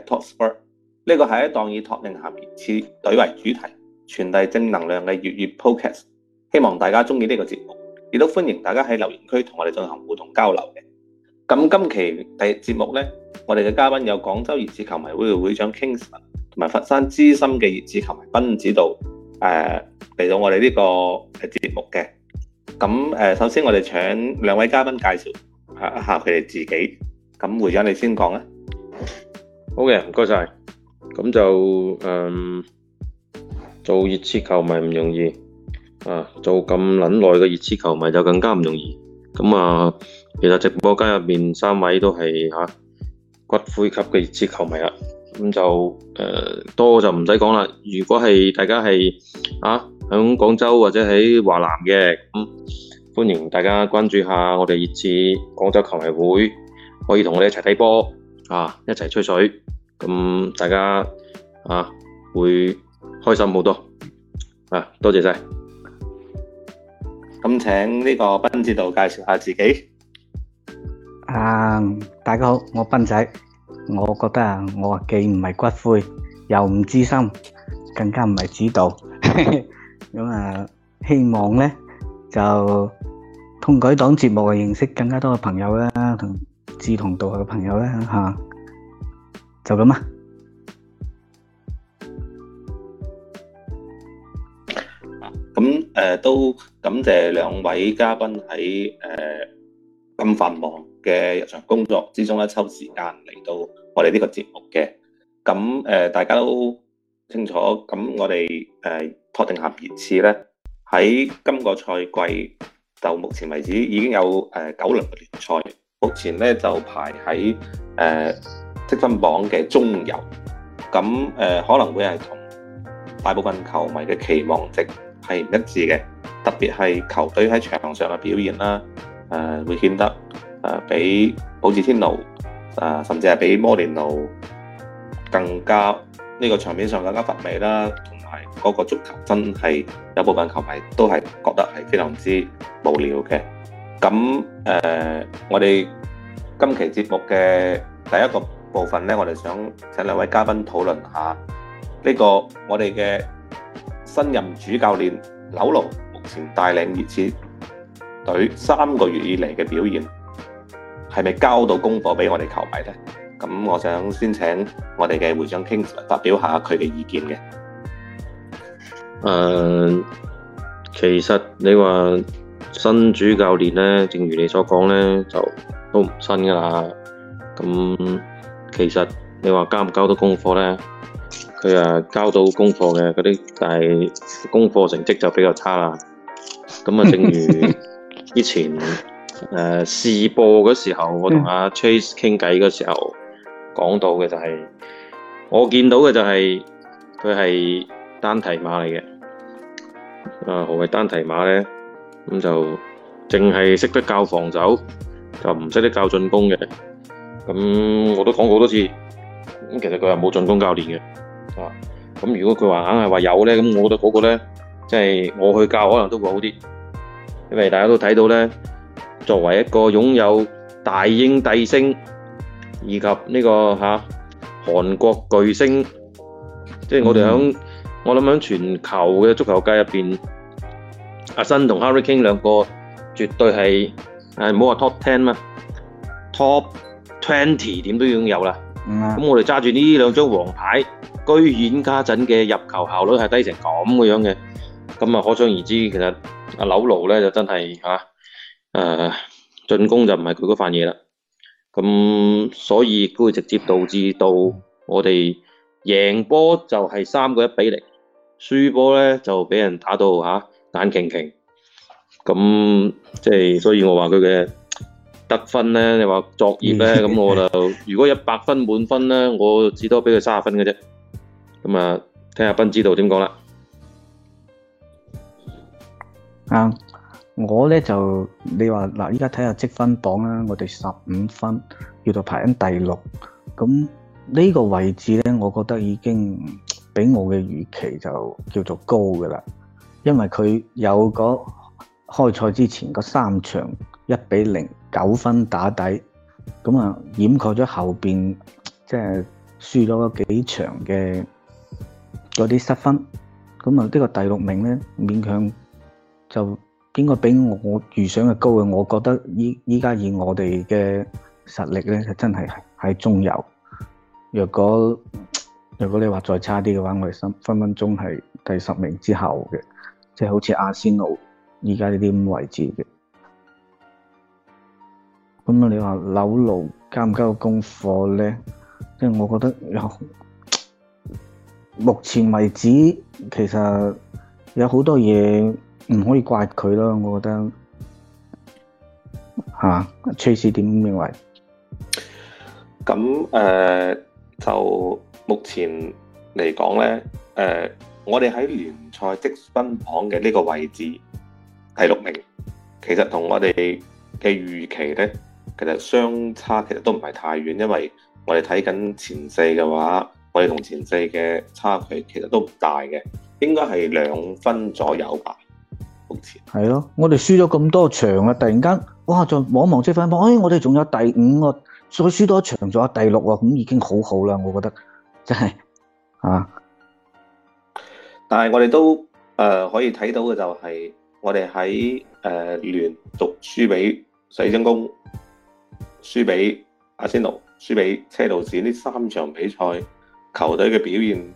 Talk Spur 呢個係一檔以托定咸熱刺隊為主題，傳遞正能量嘅粵語 Podcast，希望大家鍾意呢個節目，亦都歡迎大家喺留言區同我哋進行互動交流嘅。咁今期第節目呢，我哋嘅嘉賓有廣州熱刺球迷會會長 klinsmann 同埋佛山資深嘅熱刺球迷斌指導，誒、呃、嚟到我哋呢個誒節目嘅。咁誒、呃，首先我哋請兩位嘉賓介紹一下佢哋自己。咁會長你先講啊。好嘅，唔該晒。咁就嗯，做熱刺球迷唔容易啊，做咁捻耐嘅熱刺球迷就更加唔容易。咁啊，其實直播間入面三位都係、啊、骨灰級嘅熱刺球迷啦。咁就呃、啊、多就唔使講啦。如果係大家係啊，響廣州或者喺華南嘅，咁歡迎大家關注下我哋熱刺廣州球迷會，可以同我哋一齊睇波。啊！一齊吹水，咁大家啊會開心好多啊！多謝晒。咁請呢個斌指導介紹下自己。啊，大家好，我斌仔。我覺得啊，我既唔係骨灰，又唔資深，更加唔係指導。咁啊，希望咧就通過呢檔節目認識更加多嘅朋友啦，同。志同道合嘅朋友咧嚇，就咁啦。啊，咁誒都感謝兩位嘉賓喺誒咁繁忙嘅日常工作之中咧抽時間嚟到我哋呢個節目嘅。咁誒大家都清楚，咁我哋誒托定咸熱刺咧喺今個賽季到目前為止已經有誒九輪嘅聯賽。目前呢，就排喺誒積分榜嘅中游，咁、呃、可能會係同大部分球迷嘅期望值係唔一致嘅，特別係球隊喺場上嘅表現啦，誒、呃、會顯得誒、呃、比保志天奴、呃、甚至係比摩連奴更加呢、這個場面上更加乏味啦，同埋嗰個足球真係有部分球迷都係覺得係非常之無聊嘅。咁誒、呃，我哋今期節目嘅第一個部分呢，我哋想請兩位嘉賓討論下呢、這個我哋嘅新任主教練紐奴目前帶領熱刺隊三個月以嚟嘅表現，係咪交到功課俾我哋球迷咧？咁我想先請我哋嘅會長 Klinsmann 發表下佢嘅意見嘅。誒、呃，其實你話？新主教練呢，正如你所講呢，就都唔新噶啦。咁其實你話交唔交到功課呢？佢啊交到功課嘅嗰啲，就係功課成績就比較差啦。咁啊，正如以前誒試、 呃、播嗰時候，我同阿、啊、Chase 傾偈嗰時候講 到嘅就係、是，我見到嘅就係佢係單蹄馬嚟嘅。啊，何謂單蹄馬咧？咁就淨係識得教防守，就唔識得教進攻嘅。咁我都講好多次，咁其實佢係冇進攻教練嘅。咁如果佢話硬係話有呢，咁我覺得嗰個呢，即係我去教可能都會好啲，因為大家都睇到呢，作為一個擁有大英帝星以及呢個吓韓、啊、國巨星，即係我哋響、嗯、我諗響全球嘅足球界入面。阿新同 Harry King 兩個絕對係，唔好話 top ten 啦，top twenty 點都要有啦。咁、mm-hmm。我哋揸住呢兩張黃牌，居然家陣嘅入球效率係低成咁嘅樣嘅。咁可想而知，其實阿紐奴呢就真係呃呃進攻就唔係佢嗰瓣嘢啦。咁所以都會直接導致到我哋贏波就係三個一比零，輸波呢就俾人打到、啊眼擎擎咁，即係所以我話佢嘅得分呢，你話作業呢，咁我就 如果一百分滿分呢，我至多俾佢三十分嘅啫。咁啊，聽下斌指導點講啦。啊，我呢，就你話嗱，依家睇下積分榜啦，我哋十五分叫做排緊第六，咁呢個位置呢，我覺得已經俾我嘅預期就叫做高噶啦。因為佢有嗰開賽之前嗰三場一比零九分打底，咁啊掩蓋咗後邊，即係輸咗幾場嘅嗰啲失分，咁啊呢個第六名咧勉強就應該比我預想嘅高嘅。我覺得依依家以我哋嘅實力咧，就真係喺中游。若果若果你話再差啲嘅話，我哋分分鐘係第十名之後嘅。即係好似阿仙奴而家呢啲咁位置嘅，咁你話紐奴加唔加個功課咧？即係我覺得有，目前為止其實有好多嘢唔可以怪佢咯，我覺得吓，Trace 點認為？咁誒、呃，就目前嚟講咧，誒、呃。我哋喺聯賽積分榜嘅呢個位置第六名，其實同我哋嘅預期呢，其實相差其實都唔係太遠，因為我哋睇緊前四嘅話，我哋同前四嘅差距其實都唔大嘅，應該係兩分左右吧。目前係咯、啊，我哋輸咗咁多場啊，突然間哇，再望望積分榜，哎，我哋仲有第五喎、啊，再輸多一場仲有第六喎、啊，咁已經好好啦，我覺得真係啊！但係我哋都誒、呃、可以睇到嘅就係我哋喺誒聯讀輸俾水晶宮，輸俾阿仙奴，輸俾車路士呢三場比賽，球隊嘅表現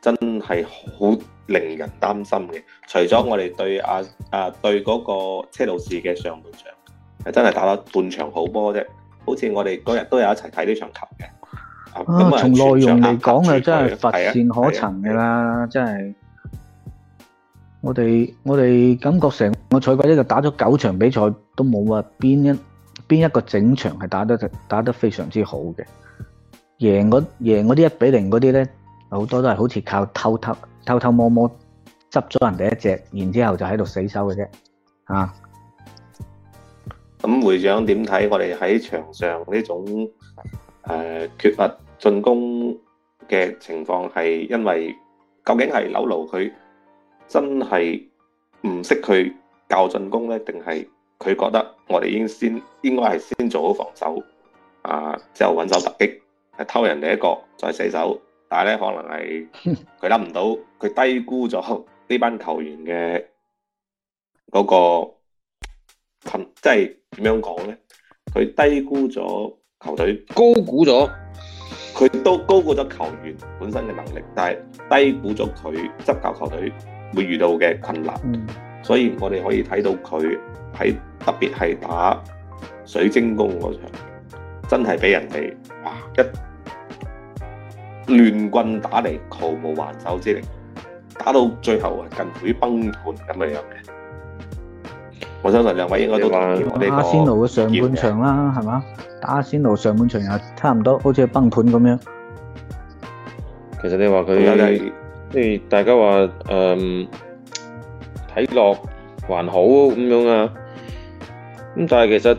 真係好令人擔心嘅。除咗我哋對阿、啊、阿、啊、對嗰個車路士嘅上半場係真係打咗半場好波啫，好似我哋嗰日都有一齊睇呢場球嘅。咁啊、嗯，從內容嚟講啊，真係乏善可陳嘅啦，真係。我哋我哋感覺成個賽季咧，就打咗九場比賽都冇話邊一邊一個整場係打得打得非常之好嘅，贏嗰贏啲一比零嗰啲咧，好多都係好似靠偷偷偷偷摸摸執咗人哋一隻，然之後就喺度死守嘅啫。啊，咁會長點睇？我哋喺場上呢種誒缺乏進攻嘅情況，係因為究竟係扭路佢？真係唔識佢教進攻咧，定係佢覺得我哋已先應該係先，先做好防守啊，之後揾手突擊係偷人哋一個再四手，但係咧可能係佢諗唔到，佢低估咗呢班球員嘅嗰、嗰個即係點樣講咧？佢低估咗球隊，高估咗佢都高估咗球員本身嘅能力，但係低估咗佢執教球隊。會遇到嘅困難、嗯，所以我哋可以睇到佢喺特別係打水晶宮嗰場，真係俾人哋哇一亂棍打嚟，毫無還手之力，打到最後啊近乎崩盤咁樣。我相信兩位應該都打阿仙奴嘅上半場啦，係嘛？打阿仙奴上半場又差唔多好似崩盤咁樣。其實你話佢。即係大家話誒，睇落還好咁樣啊，咁但係其實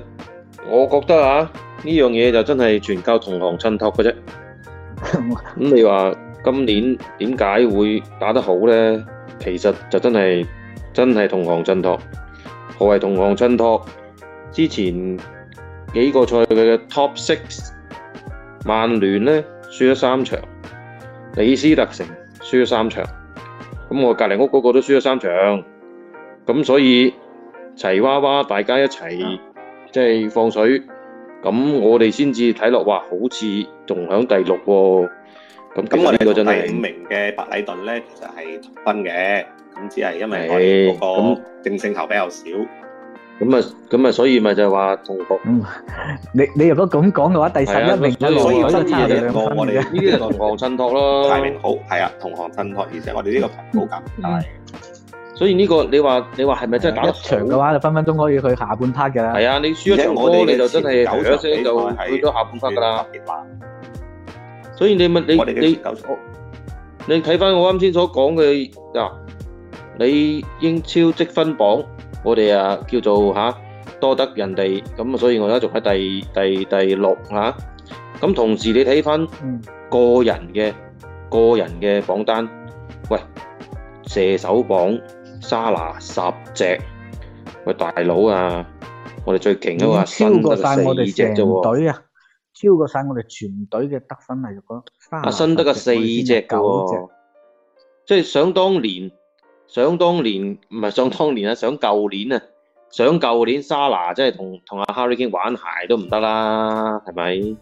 我覺得啊，呢樣嘢就真係全靠同行襯托嘅啫。咁你話今年點解會打得好咧？其實就真係真係同行襯托。何為同行襯托？之前幾個賽季嘅 Top Six，曼聯咧，輸咗三場，李斯特城。輸咗三場，咁我隔籬屋嗰個都輸咗三場，咁所以齊娃娃大家一齊即係放水，咁我哋先至睇落話好似仲響第六喎。哦，咁我哋個第五名嘅白禮頓咧，其實係同分嘅，咁只係因為我嗰個正勝球比較少。咁啊，咁啊，所以咪就係話同局。嗯，你你如果咁講嘅話，第十一名就所以呢啲嘢，就兩分嘅。呢啲就同行襯托咯。排名好，係啊，同行襯托，而且我哋呢個高階。所以呢個你話你話係咪真係打一場嘅話就分分鐘可以去下半 part 㗎啦。係啊，你輸一場波你就真係響一聲就去到下半 part 噶啦。所以你問你你你睇翻我啱先所講嘅嗱，你英超積分榜。我哋啊，叫做吓多得人哋，咁所以我而家仲喺第第第六吓。咁同時你睇翻個人嘅個人嘅榜單，喂射手榜沙拿十隻，喂大佬啊，我哋最勁啊嘛，新得個四隻啫喎，隊啊超過晒我哋全隊嘅得分嚟嘅，阿新得個四隻嘅喎，即係想當年。想當年唔係想當年，想舊年啊，想舊年，沙拿真係同阿哈利京玩鞋都唔得啦，係咪？你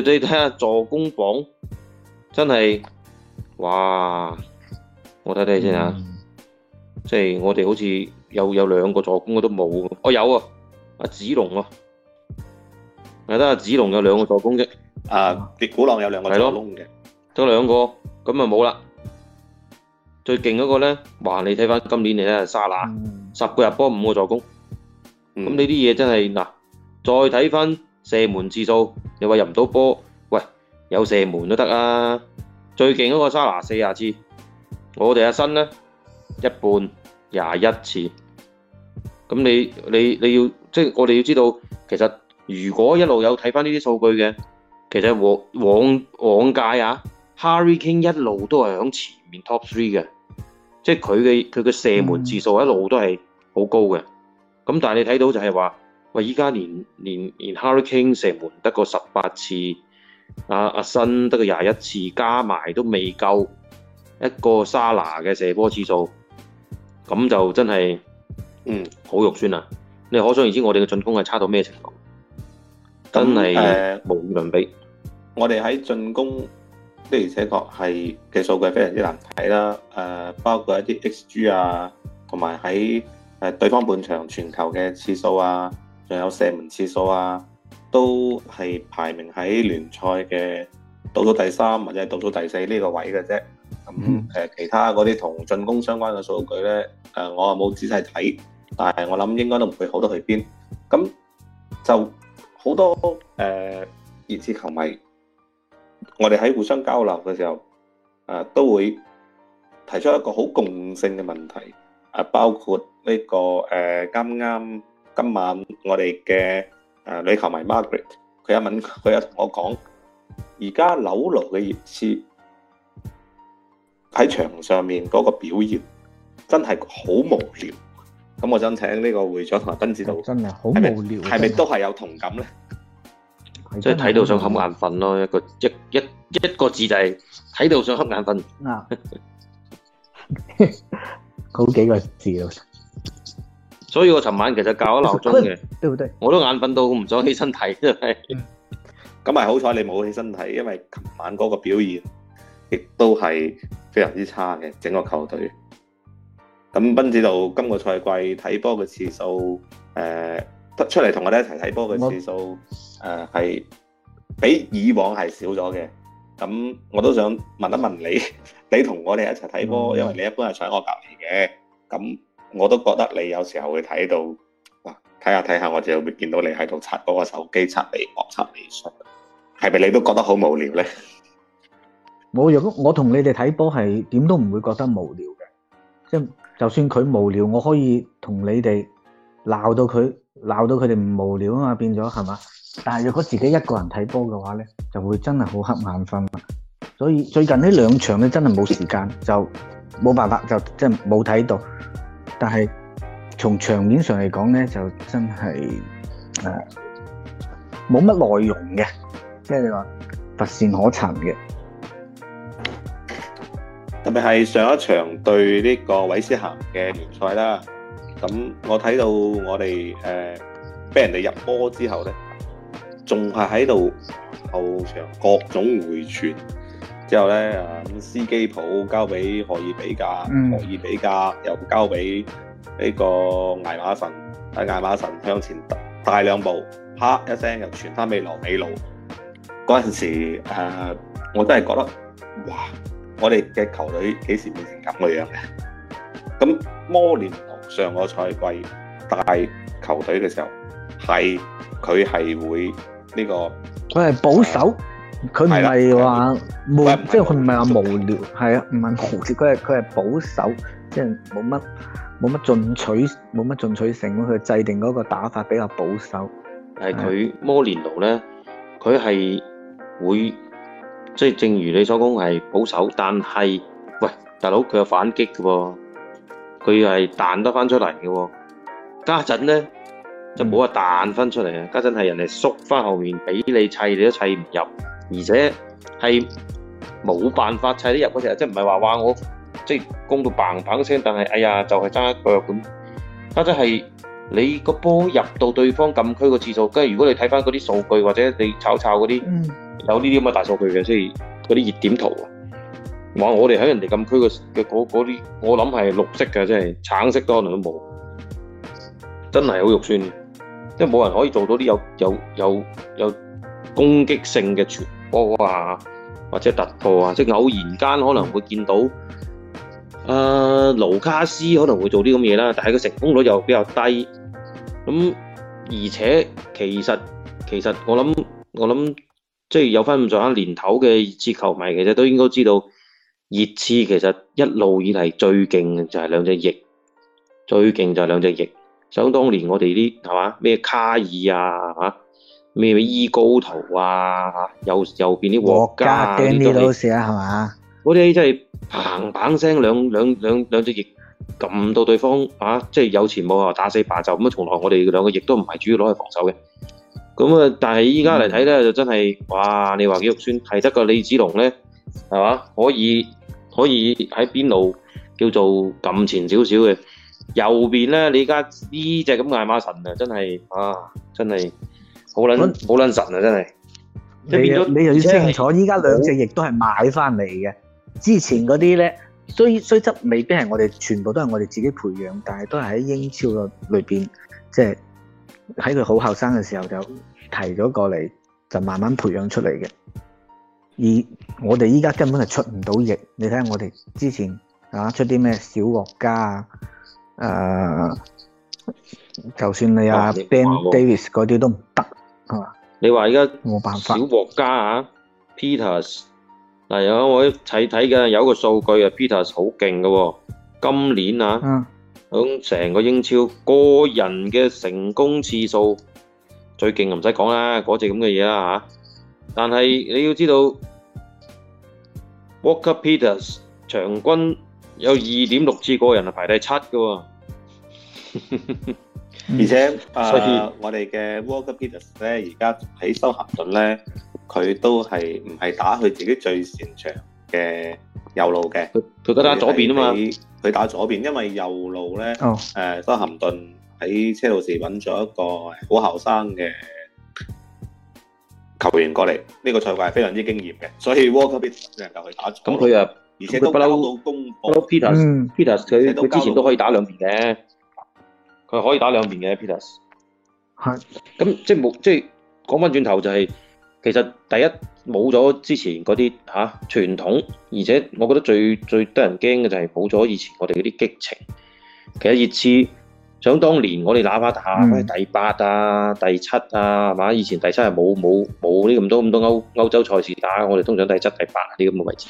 你睇下助攻榜，真係，哇！我睇睇先啊，嗯、即係我哋好似有有兩個助攻我都冇，我、哦、有啊，阿、啊、子龍喎、啊，係得阿子龍有兩個助攻啫，啊，別古浪有兩個助攻嘅，得兩個，咁咪冇啦最勁嗰個呢，哇！你睇返今年嚟咧，沙拿十個入波，五個助攻，咁你啲嘢真係嗱，再睇翻射門次數，你話入唔到波，喂，有射門都得啊！最勁嗰個沙拿四十次，我哋阿新呢，一半廿一次，咁你你你要即係我哋要知道，其實如果一路有睇翻呢啲數據嘅，其實往往屆啊，Harry Kane 一路都係響前面 top three 嘅。即係佢嘅佢嘅射門次數一路都係好高嘅，咁、嗯、但係你睇到就係話，喂而家連連連 Hurricane 射門得個十八次，阿、啊、阿新得個廿一次，加埋都未夠一個沙拿嘅射波次數，咁就真係，嗯，好肉酸啊、嗯！你可想而知我哋嘅進攻係差到咩程度，嗯、真係無與倫比。嗯嗯、我哋喺進攻。的而且確係嘅數據非常之難睇啦，誒，包括一啲 XG 啊，同埋喺誒對方半場傳球嘅次數啊，仲有射門次數啊，都係排名喺聯賽嘅倒數第三或者係倒數第四呢個位嘅啫。咁、嗯、誒，其他嗰啲同進攻相關嘅數據咧，誒，我啊冇仔細睇，但係我諗應該都唔會好得去邊。咁就好多誒、呃、熱刺球迷。我哋喺互相交流嘅時候，啊都會提出一個好共性嘅問題，啊包括呢個誒，啱啱今晚我哋嘅誒女球迷 Margaret，佢有問，佢有同我講，而家紐奴嘅熱刺喺場上面嗰個表現真係好無聊，咁我想請呢個會長同埋斌指導，真係好無聊，係咪都係有同感咧？即係睇到想瞌眼瞓咯，一個一一一個字就係睇到想瞌眼瞓。啊，好幾個字啊！所以我尋晚其實校咗鬧鐘嘅，對唔對？我都眼瞓到唔想起身睇，咁咪好彩你冇起身睇，因為尋晚嗰個表現亦都係非常之差嘅，整個球隊。咁斌子道今個賽季睇波嘅次數，誒，出出嚟同我哋一齊睇波嘅次數。誒係比以往係少咗嘅，咁我都想問一問你，你同我哋一齊睇波、嗯，因為你一般係坐喺我隔離嘅，咁我都覺得你有時候會睇到嗱，睇下睇下我就會見到你喺度刷嗰個手機，刷微博，刷微信，係咪你都覺得好無聊咧？冇，如果我同你哋睇波係點都唔會覺得無聊嘅，即係就算佢無聊，我可以同你哋鬧到佢鬧到佢哋唔無聊啊嘛，變咗係嘛？但係如果自己一個人睇波嘅話咧，就會真係好黑眼瞓啊！所以最近呢兩場咧真係冇時間，就冇辦法就真冇睇到。但係從場面上嚟講咧，就真係誒冇乜內容嘅，即係你話乏善可陳嘅。特別係上一場對呢個韋斯咸嘅聯賽啦，咁我睇到我哋誒俾人哋入波之後咧。仲係喺度後場各種回傳，之後咧啊司機鋪交俾何爾比格、嗯，何爾比格又交俾呢個艾馬臣，艾馬臣向前帶兩步，啪一聲又傳翻俾羅美路。嗰陣時、呃、我真係覺得，哇！我哋嘅球隊幾時變成咁嘅樣嘅？咁摩連奴上個賽季帶球隊嘅時候係。是佢係會呢個，佢係保守，佢唔係話無，即係佢唔係話無聊，係啊，唔係無聊，佢係佢係保守，即係冇乜冇乜進取，冇乜進取性。佢制定嗰個打法比較保守。係佢摩連奴咧，佢係會即係正如你所講係保守，但係喂，大佬佢有反擊嘅喎，佢係彈得翻出嚟嘅喎，家陣咧。就冇話彈翻出嚟啊！家陣係人哋縮翻後面俾你砌，你都砌唔入，而且係冇辦法砌得入嗰隻啊！即唔係話話我即係攻到棒棒聲，但係哎呀就係爭一腳咁。家陣係你個波入到對方禁區嘅次數，跟住如果你睇翻嗰啲數據或者你炒炒嗰啲有呢啲咁嘅大數據嘅，即係嗰啲熱點圖啊！我哋喺人哋禁區嘅嗰啲，我諗係綠色嘅，即係橙色都可能都冇，真係好肉酸。即冇人可以做到啲有有有有攻擊性嘅傳波啊，或者突破啊，即偶然間可能會見到啊，盧卡斯可能會做啲咁嘢啦，但係佢成功率又比較低。咁而且其實其實我諗我諗即係有翻咁上下年頭嘅熱刺球迷，其實都應該知道熱刺其實一路以嚟最勁嘅就係兩隻翼，最勁就係兩隻翼。想當年我哋啲係嘛咩卡爾啊嚇，咩、啊、伊高圖啊嚇，右右邊啲國家啲老屎啊係嘛，嗰啲真係砰砰聲兩兩兩兩隻翼撳到對方嚇，即、啊、係、就是、有前冇後打死白就咁啊！從來我哋兩個亦都唔係主要攞去防守嘅。咁啊，但係依家嚟睇咧就真係哇！你話幾肉酸，係得個李子龍咧係嘛，可以可以喺邊度叫做撳前少少嘅。右邊咧，你而家呢隻咁艾馬神啊，真係啊，真係好撚好撚神啊！真係你又要清楚，依家兩隻翼都係買翻嚟嘅。之前嗰啲咧雖雖則未必係我哋全部都係我哋自己培養，但係都係喺英超嘅裏面，即係喺佢好後生嘅時候就提咗過嚟，就慢慢培養出嚟嘅。而我哋依家根本係出唔到翼。你睇下我哋之前啊，出啲咩小國家啊？誒，就算你阿 Ben Davis 嗰啲都唔得，係嘛？你話依家冇辦法，小霍加啊，Peters，嗱有我一睇睇嘅，有一個數據啊，Peters 好勁嘅，今年啊，響成個英超個人嘅成功次數最勁又唔使講啦，嗰隻咁嘅嘢啦吓，但係你要知道，Walker Peters 場均有二點六次個人啊排第七嘅。而且誒，我哋嘅 Walker Peters 咧，而家喺修咸頓咧，佢都係唔係打佢自己最擅長嘅右路嘅，佢打左邊啊嘛，佢打左邊，因為右路咧，誒，修咸頓喺車路士搵咗一個好後生嘅球員過嚟，呢個賽季係非常之經驗嘅，所以 Walker Peters 就能夠去打，咁佢啊，而且不嬲，不嬲，Peter Peters 佢佢之前都可以打兩邊嘅。佢可以打兩邊嘅 Peters 係咁，即係冇即係講翻轉頭，就係、是、其實第一冇咗之前嗰啲嚇傳統，而且我覺得最最得人驚嘅就係冇咗以前我哋嗰啲激情。其實熱刺想當年我哋哪怕打咩第八啊、嗯、第七啊，係嘛？以前第七係冇冇冇啲咁多咁多歐歐洲賽事打，我哋通常第七、第八啲咁嘅位置。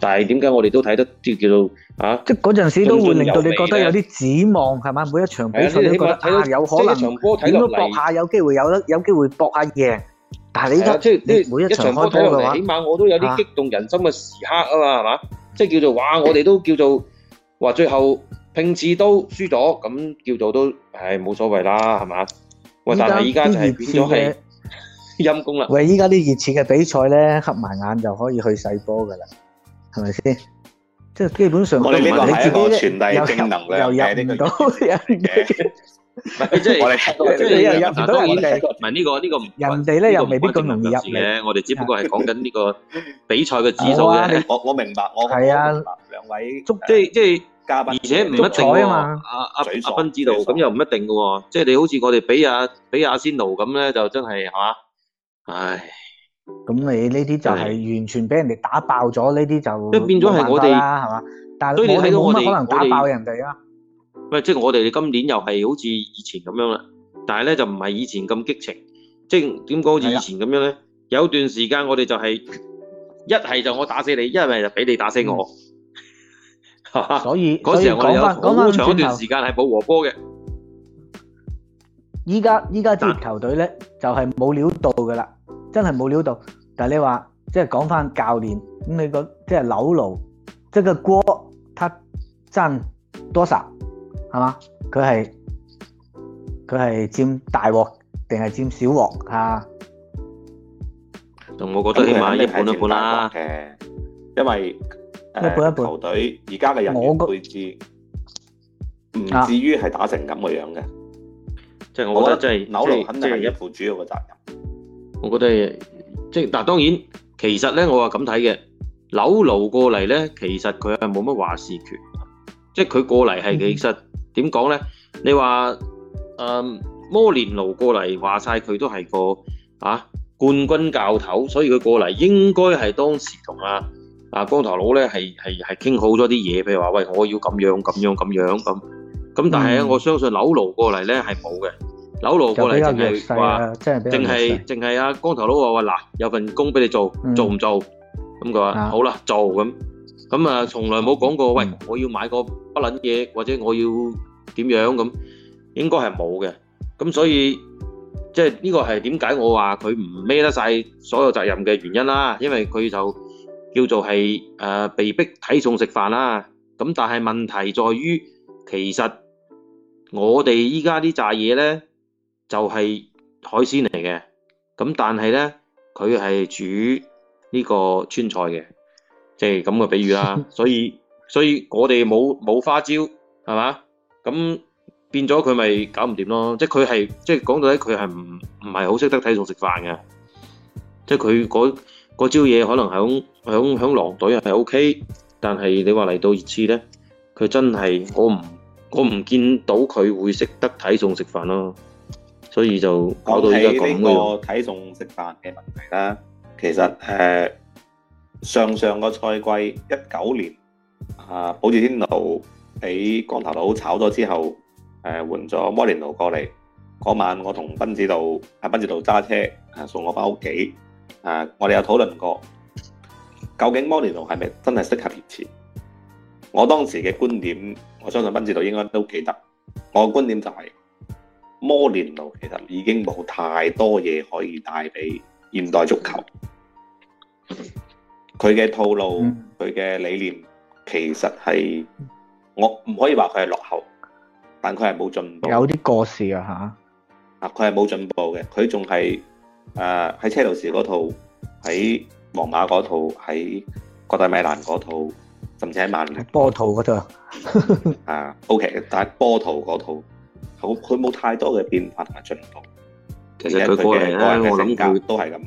但係點解我哋都睇得叫叫做啊？即係嗰陣時候都會令到你覺得有啲指望係嘛、啊？每一場比賽都覺得睇下、啊、有可能睇都搏下，有機會有得，有機會搏下贏。但係你依家即係呢？每一場波睇落嚟，起碼我都有啲激動人心嘅時刻啊嘛，係嘛？即係叫做哇！我哋都叫做話最後拼刺都輸咗，咁叫做都係冇、哎、所謂啦，係嘛？喂，但係依家就係變咗係陰功啦。喂，依家啲熱錢嘅比賽咧，合埋眼就可以去洗波噶啦。係咪先？即係基本上，我哋呢個係一個傳遞正能量又，又入唔到入嘅。唔 係，即、就、係、是、我哋聽到，即係入都係我哋。唔係呢個呢個，這個、人哋咧、這個這個、又未必咁容易入嘅。我哋只不過係講緊呢個比賽嘅指數嘅、哦啊。我我明白，我係啊，兩、啊、位，即係即係加，而且唔一定噶喎。阿阿阿斌指導，咁、啊啊啊啊啊啊、又唔一定噶喎。即、就、係、是、你好似我哋比阿、啊、比阿仙奴咁咧，就真係係嘛？唉。咁你呢啲就係完全俾人哋打爆咗，呢啲就即變咗係我哋啦，係嘛？但係我哋冇乜可能打爆人哋啊。喂，即係我哋今年又係好似以前咁樣啦，但係咧就唔係以前咁激情。即係點講？好似以前咁樣咧，有段時間我哋就係、是、一係就我打死你，一係就俾你打死我。嗯、 所以嗰 時我哋有好長一段時間係冇和波嘅。依家依家接球隊咧就係、是、冇料到噶啦。真係冇料到，但係你話即係講翻教練咁，你個即係紐奴，即個鑊，他掙多少係嘛？佢係佢係佔大鑊定係佔小鑊啊？咁、啊我，啊、我覺得起碼一半一半啦，因為一半一半球隊而家嘅人員配置唔至於係打成咁嘅樣嘅，即係我覺得即係紐奴肯定係一部主要嘅責任。我覺得即係，但係當然，其實咧，我話咁睇嘅，紐奴過嚟咧，其實佢係冇乜話事權，即係佢過嚟係其實點講咧？你話誒，摩連奴過嚟話晒佢都係個啊冠軍教頭，所以佢過嚟應該係當時同阿阿光頭佬咧係係係傾好咗啲嘢，譬如話喂，我要咁樣咁樣咁樣咁咁，但係咧，我相信紐奴過嚟咧係冇嘅。紐奴過嚟，淨、啊、係話，淨係阿光頭佬話嗱有份工畀你做，做唔做？咁佢話好啦，做咁咁啊，從來冇講過、嗯。喂，我要買個不撚嘢，或者我要點樣咁，應該係冇嘅。咁所以即係呢個係點解我話佢唔孭得晒所有責任嘅原因啦。因為佢就叫做係、呃、被逼睇餸食飯啦。咁但係問題在於，其實我哋依家啲炸嘢呢。就係、是、海鮮嚟嘅，咁但係呢，佢係煮呢個川菜嘅，即係咁嘅比喻啦。 所以所以我哋冇冇花椒係嘛，咁變咗佢咪搞唔掂咯。即係佢係即係講到底唔，佢係唔係好識得睇餸食飯嘅。即係佢嗰招嘢可能響狼隊係 O K，但係你話嚟到熱刺呢，佢真係我唔我唔見到佢會識得睇餸食飯咯。所以就講起呢個睇餸食飯嘅問題啦，其實上上個賽季一九年啊，保治天奴俾光頭佬炒咗之後，誒換咗摩連奴過嚟嗰晚我和賓賓我，我同斌指導喺斌指導揸車送我翻屋企我哋有討論過究竟摩連奴係咪真係適合熱刺？我當時嘅觀點，我相信斌指導應該都記得，我嘅觀點就係、是。摩連奴其實已經冇太多嘢可以帶俾現代足球，佢嘅套路、佢、嗯、嘅、嗯、理念其實係我唔可以話佢係落後，但佢係冇進步。有啲過時啊吓？啊，佢係冇進步嘅，佢仲係誒喺車路士嗰套，喺皇馬嗰套，喺國際米蘭嗰套，甚至喺曼聯。波圖嗰度啊？啊，OK，但係波圖嗰套。好佢冇太多嘅變化同埋進步，其實佢嘅個人嘅性格都係咁。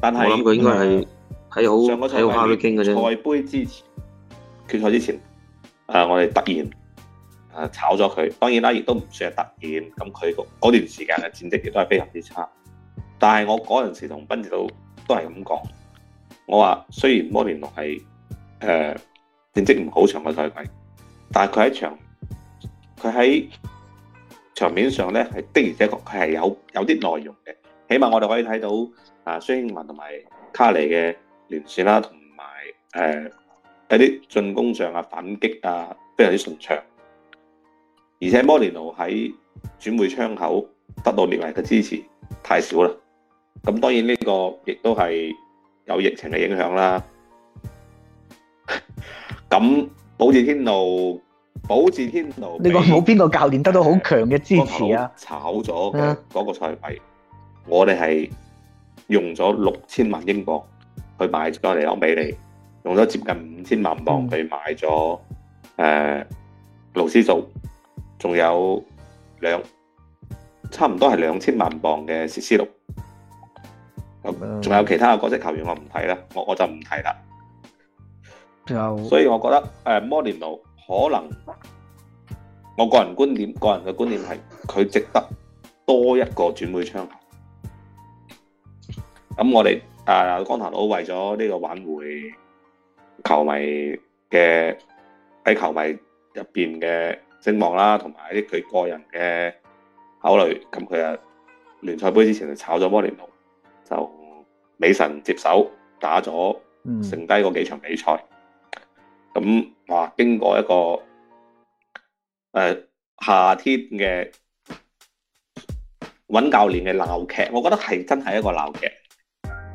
但係，我諗佢應該係喺好喺好卡列京啫，賽盃之前決賽之前，誒，我哋突然誒炒咗佢。當然啦，亦都唔算係突然。咁佢嗰段時間嘅戰績亦都係非常之差。但係我嗰陣時同斌指導都係咁講，我話雖然摩連奴係誒戰績唔好長嘅賽季，但係佢喺場佢喺。場面上咧，的而且確係，佢係有有啲內容嘅。起碼我哋可以睇到啊，孫興慜同埋卡尼嘅聯線啦，同埋、呃、一啲進攻上啊反擊啊，非常之順暢。而且摩連奴喺轉會窗口得到列維嘅支持太少了。咁當然呢個亦都係有疫情嘅影響啦。咁波捷天奴。保捷天奴，你話冇邊個教練得到好強嘅支持啊？炒咗嗰個賽季，啊啊，我哋係用咗六千萬英鎊去買咗恩東比利，用咗接近五千萬鎊去買咗誒，羅斯造，仲，呃、有兩差唔多係兩千萬鎊嘅斯斯六，仲有其他嘅國際球員我唔睇啦，我就唔睇啦。所以我覺得誒、呃，摩連奴。可能我個人觀點，個人嘅觀點係佢值得多一個轉會窗。咁我哋啊，光頭佬為咗呢個挽回球迷嘅喺球迷入邊嘅聲望啦，同埋佢個人嘅考慮，咁佢啊聯賽杯之前就炒咗摩連奴，就美神接手打咗剩低嗰幾場比賽。咁哇，經過一個誒夏天嘅揾教練嘅鬧劇，我覺得係真係一個鬧劇。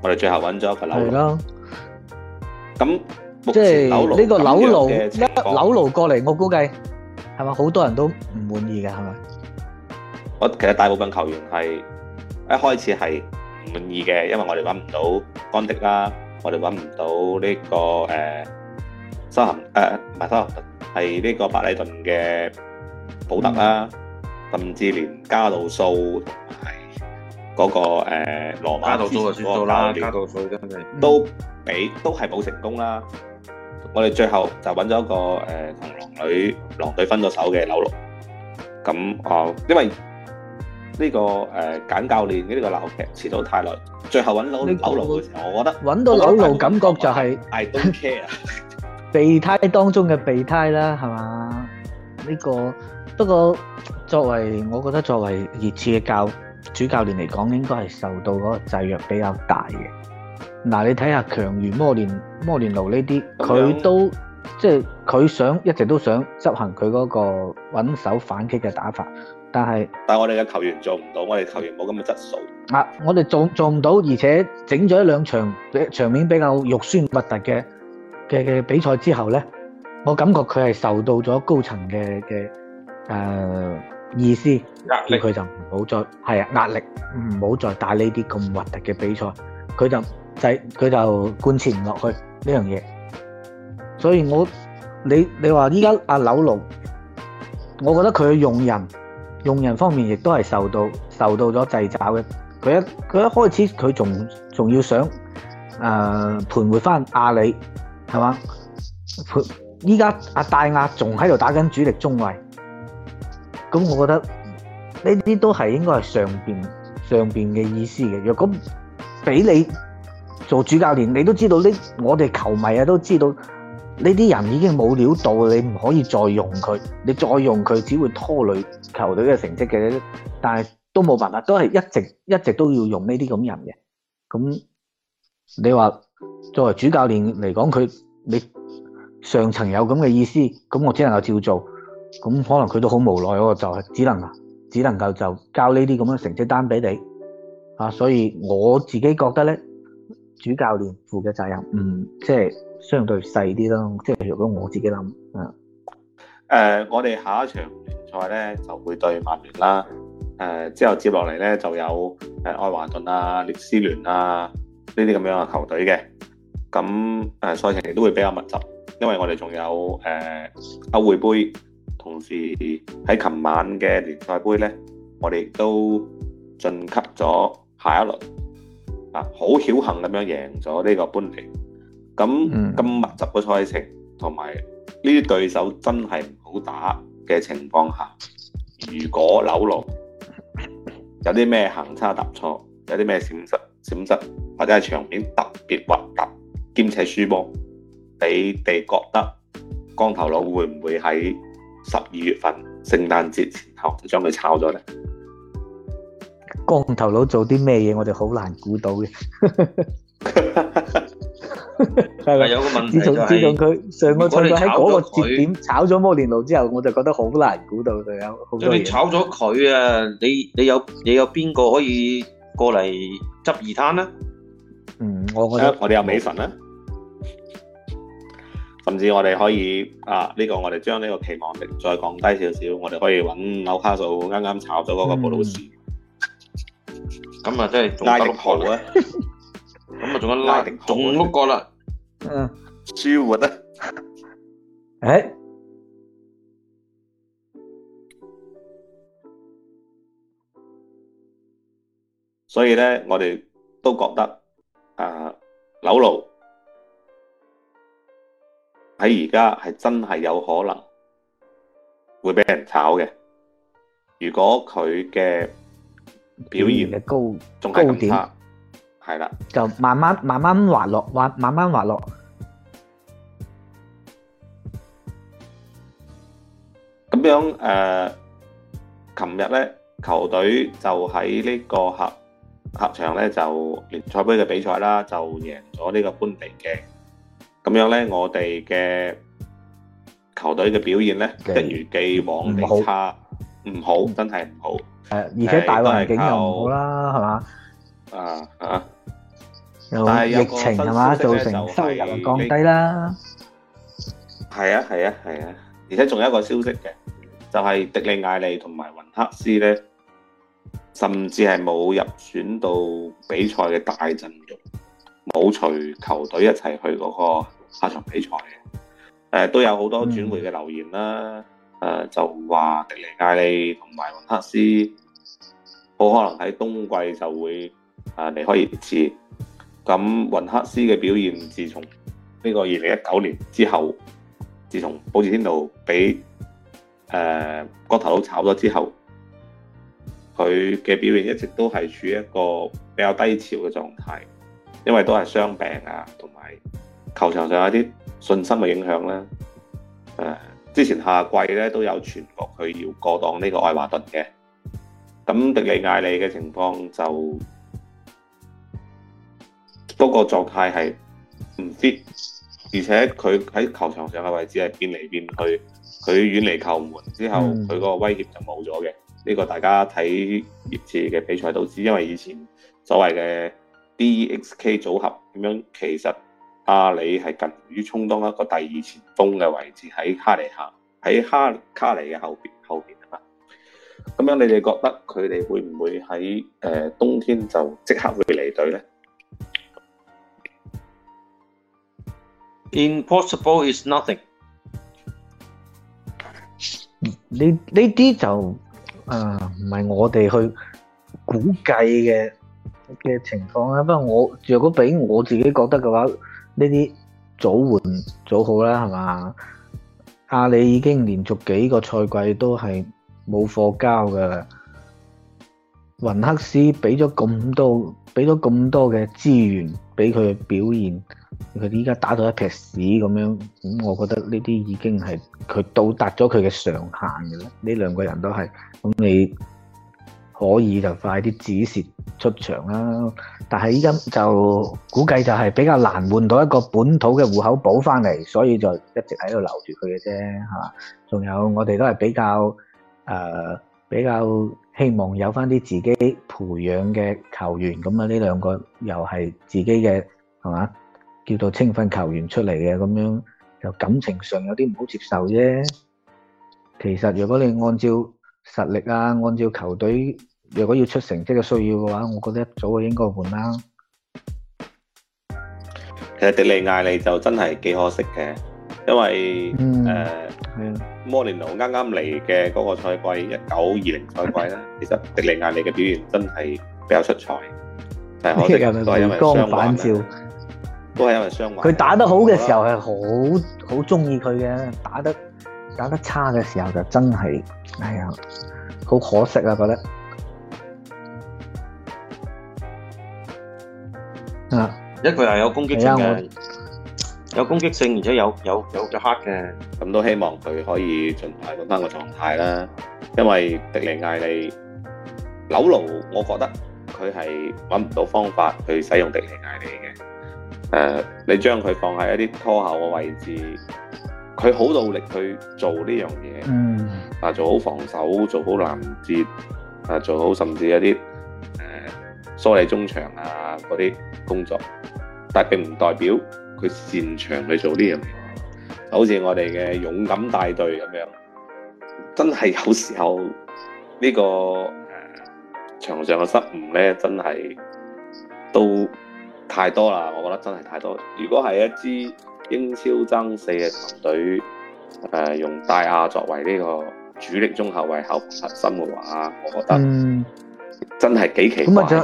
我哋最後揾咗一個紐奴。係咯。咁即係呢個紐奴，紐奴過嚟，我估計係咪好多人都唔滿意嘅？係咪？我其實大部分球員係一開始係唔滿意嘅，因為我哋揾唔到干地啦，我哋揾唔到呢個誒。收含誒唔係收含，係呢個白禮頓嘅普特啦，甚至連加度素同埋嗰個誒羅馬加度素就做到啦，加度素真係都俾都係冇成功啦。我哋最後就揾咗一個誒同狼女狼女分咗手嘅紐奴。咁啊，因為呢個誒揀教練呢個鬧劇，遲到太耐，最後揾到紐奴嘅時候，我覺得揾到紐奴感覺就係 I don't care。備胎當中嘅備胎啦，係嘛？呢個不過作為我覺得作為熱刺嘅教主教練嚟講，應該係受到嗰個制約比較大嘅。嗱，你睇下強如摩連摩連奴呢啲，佢都即係佢想一直都想執行佢嗰個穩守反擊嘅打法，但係但係我哋嘅球員做唔到，我哋球員冇咁嘅質素。啊，我哋做做唔到，而且整咗一兩場場面比較肉酸核突嘅。嘅嘅比賽之後咧，我感覺佢係受到咗高層嘅嘅誒意思，壓力，佢就唔好再係啊，壓力，唔好再、啊、再打呢啲咁核突嘅比賽，佢就就佢就貫徹唔落去呢樣嘢。所以我你你話依家阿紐奴，我覺得佢用人用人方面亦都係受到受到咗掣肘嘅。佢一佢一開始佢仲仲要想誒盤、呃、活翻阿里。係嘛？依家阿戴亞仲喺度打緊主力中衛，咁我覺得呢啲都係應該係上邊上邊嘅意思嘅。若果俾你做主教練，你都知道呢，我哋球迷啊都知道呢啲人已經冇料到，你唔可以再用佢，你再用佢只會拖累球隊嘅成績嘅啫。但係都冇辦法，都係一直一直都要用呢啲咁人嘅。咁你話？作為主教練嚟講，佢你上層有咁嘅意思，咁我只能夠照做。咁可能佢都好無奈，我就係只能只能夠就交呢啲咁嘅成績單俾你。啊，所以我自己覺得咧，主教練負嘅責任唔、嗯、即係相對細啲咯。即係如果我自己諗，啊、嗯，誒、呃，我哋下一場聯賽咧就會對曼聯啦。誒、呃，之後接落嚟咧就有誒愛、呃、華頓啊、列斯聯啊。呢啲咁樣嘅球隊嘅，咁誒賽程亦都會比較密集，因為我哋仲有誒歐會盃，同時喺琴晚嘅聯賽盃咧，我哋亦都晉級咗下一輪，啊好僥倖咁樣贏咗呢個般尼。咁咁密集嘅賽程，同埋呢啲對手真係唔好打嘅情況下，如果紐奴，有啲咩行差踏錯，有啲咩閃失，損失或者係場面特別核突，兼且輸波，你哋覺得光頭佬會唔會喺十二月份聖誕節前後就將佢炒咗咧？光頭佬做啲咩嘢，我哋好難估到嘅。但係有個問題就係自從佢 從他 上個賽季喺嗰個節點炒咗摩連奴之後，我就覺得好難估到就有好多嘢。你炒咗佢啊？你你有你有邊個可以過嚟？執二攤啦，嗯，我我我哋有美神啦，甚至我哋可以啊，呢、這個我哋將呢個期望值再降低少少，我哋可以揾紐卡素啱啱炒咗嗰個布魯斯，咁啊真係拉極頭啊，咁啊仲有拉極，仲碌過啦，嗯，燒啊得，哎。 所以呢，我哋都覺得啊，紐奴喺而家係真係有可能會俾人炒嘅。如果佢嘅表現還是高，仲係咁差，係啦，就慢慢慢慢滑落，慢慢滑落。咁樣誒，琴、呃、日呢，球隊就喺呢、這個合場咧就聯賽杯嘅比賽啦，就贏咗呢個班尼嘅。咁樣咧，我哋嘅球隊嘅表現咧，一、okay. 如既往地差，唔好，好，真係唔好。誒，而且大環境又唔好啦，係、呃、嘛？啊啊，啊！但係疫情係嘛造成收入降低啦。係啊係啊係啊，啊！而且仲有一個消息嘅，就係、是、迪利艾利同埋雲克斯咧。甚至係冇入選到比賽嘅大陣容，冇隨球隊一齊去嗰個客場比賽、呃、都有好多轉會嘅流言啦，呃、就話迪利艾利同埋雲克斯，好可能喺冬季就會誒離開熱刺。咁、嗯嗯、雲克斯嘅表現，自從呢個二零一九年之後，自從保時天奴俾誒、呃、國頭佬炒咗之後。佢嘅表現一直都係處於一個比較低潮嘅狀態，因為都係傷病啊，同埋球場上有一啲信心嘅影響啦、啊啊。之前夏季都有傳聞佢要過檔呢個愛華頓嘅。咁迪利艾里嘅情況就嗰、那個狀態係唔 fit，而且佢喺球場上嘅位置係變嚟變去，佢遠離球門之後，佢嗰個威脅就冇咗嘅。嗯呢、這個大家睇熱刺嘅比賽都知，因為以前所謂嘅 DXK 組合其實阿里係近於充當一個第二前鋒嘅位置喺哈尼夏，喺哈卡尼嘅後邊後邊啊嘛。咁樣你哋覺得佢哋會唔會喺冬天就即刻會離隊呢？Impossible is nothing. 呢啲就。啊，唔係我哋去估計嘅嘅情況啦，不過我如果俾我自己覺得嘅話，呢啲早換早好啦，係嘛？阿里已經連續幾個賽季都係冇貨交嘅，雲克斯俾咗咁多。俾到咁多嘅資源俾佢表現，佢依家打到一劈屎咁樣，咁我覺得呢啲已經係佢到達咗佢嘅上限嘅啦。呢兩個人都係，咁你可以就快啲止蝕出場啦。但係依家就估計就係比較難換到一個本土嘅戶口簿翻嚟，所以就一直喺度留住佢嘅啫，嚇。仲有我哋都係比較誒比較。呃比較希望有翻啲自己培養嘅球員咁啊，呢兩個又係自己嘅係嘛，叫做青訓球員出嚟嘅咁樣，就感情上有啲唔好接受啫。其實如果你按照實力啊，按照球隊，如果要出成績嘅需要嘅話，我覺得一早就應該換啦。其實迪利艾利就真係幾可惜嘅。因為誒，摩連奴啱啱嚟嘅嗰個賽季，一九二零賽季咧，其實迪尼亞利嘅表現真係比較出彩，係迴光返照都係因為傷患。佢打得好嘅時候係好好中意佢嘅，打得打得差嘅時候就真係係啊，好可惜啊，覺得啊，一個係有攻擊性嘅。有攻擊性，而且有有有黑嘅，咁都希望佢可以盡快揾翻個狀態啦。因為迪尼艾利紐奴，我覺得佢係揾唔到方法去使用迪尼艾利嘅、呃。你將佢放喺一啲拖後嘅位置，佢好努力去做呢樣嘢。嗯。啊，做好防守，做好攔截，啊，做好甚至一啲誒、呃、梳理中場啊嗰啲工作，但並不唔代表。佢擅長去做啲嘢，好似我哋嘅勇敢大隊咁樣，真係有時候呢、呢個、呃、場上嘅失誤咧，真係都太多啦。我覺得真係太多。如果係一支英超爭四嘅球隊，誒、呃、用大亞作為呢個主力中後衞核心嘅話，我覺得真係幾奇怪、嗯。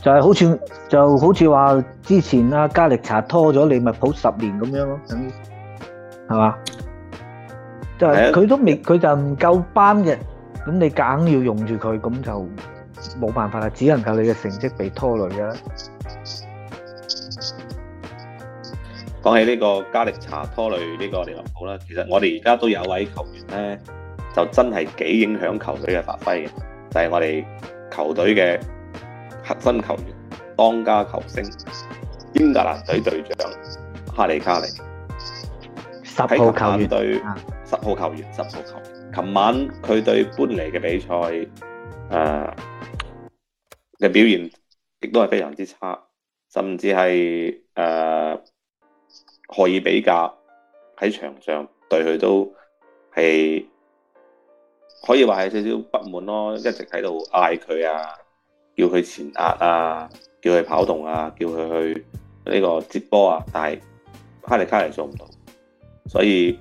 就係、是，好似，就好似話之前啊，加力查拖咗利物浦十年咁樣咯，係嘛？就係、是、佢都未，佢就唔夠班嘅，咁你梗要用住佢，咁就冇辦法啦，只能夠你嘅成績被拖累㗎。講起呢個加力查拖累呢個利物浦啦，其實我哋而家都有一位球員咧，就真係幾影響球隊嘅發揮嘅，就係、是、我哋球隊嘅。核心球員、當家球星、英格蘭隊隊長哈利卡尼，啊，十號球員，十號球員，十號球員。琴晚佢對搬嚟嘅比賽，誒嘅表現亦都係非常之差，甚至係誒 Hojbjerg 喺場上對佢都係可以話係少少不滿咯，一直喺度嗌佢啊。叫佢前壓啊，叫佢跑動啊，叫佢去呢個接波啊，但係哈利卡尼做唔到，所以